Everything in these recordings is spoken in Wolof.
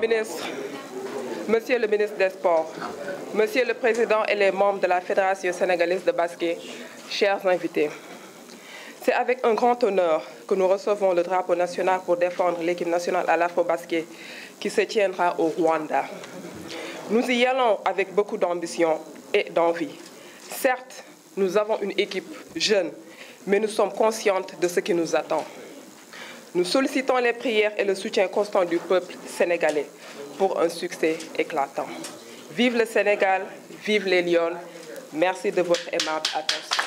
ministres, Monsieur le ministre des Sports, Monsieur le Président et les membres de la Fédération sénégalaise de basket, chers invités, c'est avec un grand honneur que nous recevons le drapeau national pour défendre l'équipe nationale à l'afro-basket qui se tiendra au Rwanda. Nous y allons avec beaucoup d'ambition et d'envie. Certes, nous avons une équipe jeune, mais nous sommes conscientes de ce qui nous attend. Nous sollicitons les prières et le soutien constant du peuple sénégalais pour un succès éclatant. Vive le Sénégal, vive les Lyon. Merci de votre aimable attention.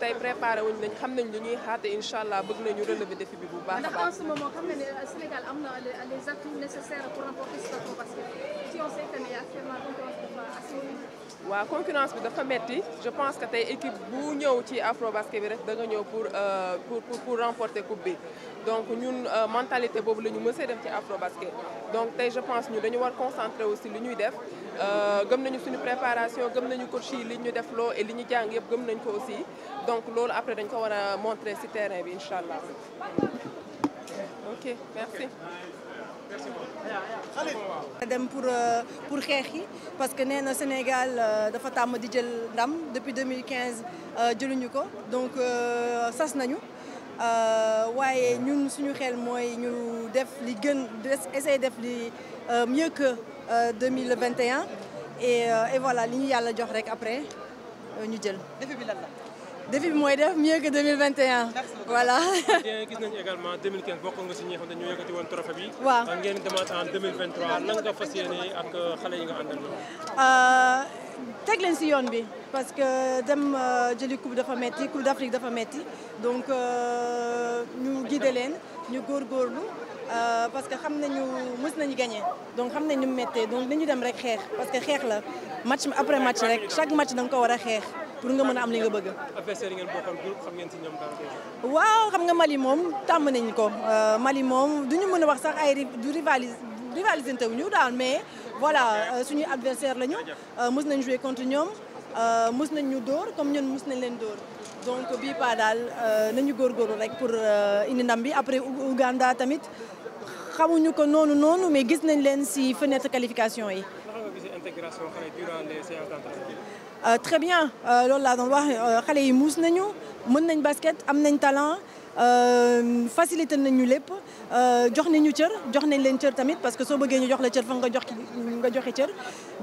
tey préparé wuñ nañ xam nañ lu ñuy xaate incha allah bëgg nañu relever défi bi bu baax a baax. en ce moment xam euh, Sénégal am na les atouts nécessaires pour remporter ce concours si on sait que actuellement concurrence dafa assez waaw concurrence bi dafa metti je pense que tey équipe bu ñëw ci Afrobasket bi rek danga ñëw euh, pour pour pour remporter coupe bi donc ñun euh, mentalité boobu la ñu mësee dem ci Afrobasket donc tey je pense ñu dañu war concentrer aussi lu ñuy def euh, gëm nañu suñu préparation gëm nañu coach yi li ñu def loo et li ñu jàng yëpp gëm nañ ko aussi donc loolu après dañ ko war a montrer si terrain bi incha allah ok merci. dem pour euh, pour xeex yi parce que nee na Sénégal euh, dafa tàmm di jël ndam depuis 2015 euh, jëluñu ko donc sas nañu waaye ñun suñu xel mooy ñu def li gën essayer def li mieux que 2021 et et voilà li ñu yàlla jox rek après ñu jël. défi la. défi bi mooy def mieux que 2021. voilà. gis nañu également 2015 bokk nga si ñi nga xam ne ñoo yëkkati woon trophée bi. waaw ngeen demaat en 2023 fas yéene ak euh, xale yi nga àndal euh, teg leen si yoon bi parce que dem euh, jëli coupe dafa metti coupe dafa metti donc ñu guider leen ñu góorgóorlu parce que xam nañu mës nañu gagné donc xam nañ ni mu méttee donc nañu dem rek xeex parce que xeex la match après match rek chaque match da ko war a xeex. pour nga mën a am li nga bëgg. adversaire yi ngeen bokkal xam ngeen ci ñoom waaw xam nga Mali moom tàmm nañ ko euh, Mali moom du ñu mën a wax sax ay du rivalis rivalisante wu ñu daal mais voilà euh, suñuy adversaire lañu euh, mës nañ jouer contre ñoom mës nañ ñu dóor comme ñun mus nañ leen dóor. donc bii paa daal nañu góorgóorlu rek pour indi ndam bi après Ouganda tamit xamuñu ko noonu noonu mais gis nañ leen si fenêtre qualification yi. Euh, très bien euh, loolu laa doon wax euh, xale yi muus nañu mën nañ basket am nañ talent facilité nañ ñu lépp jox nañ ñu jox nañ leen cër tamit parce que soo bëggee ñu jox la cër fa nga jox nga joxe cër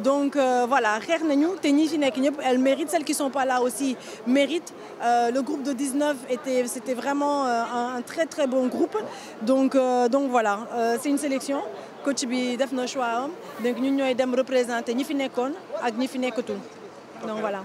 donc voilà xeex nañu te ñi fi nekk ñëpp elles méritent celles qui sont pas là aussi méritent le groupe de 19 était c'était vraiment un très très bon groupe donc donc voilà c'est une sélection coach bi def na choix am donc ñun ñooy dem représenter ñi fi nekkoon ak ñi fi nekkatul donc voilà.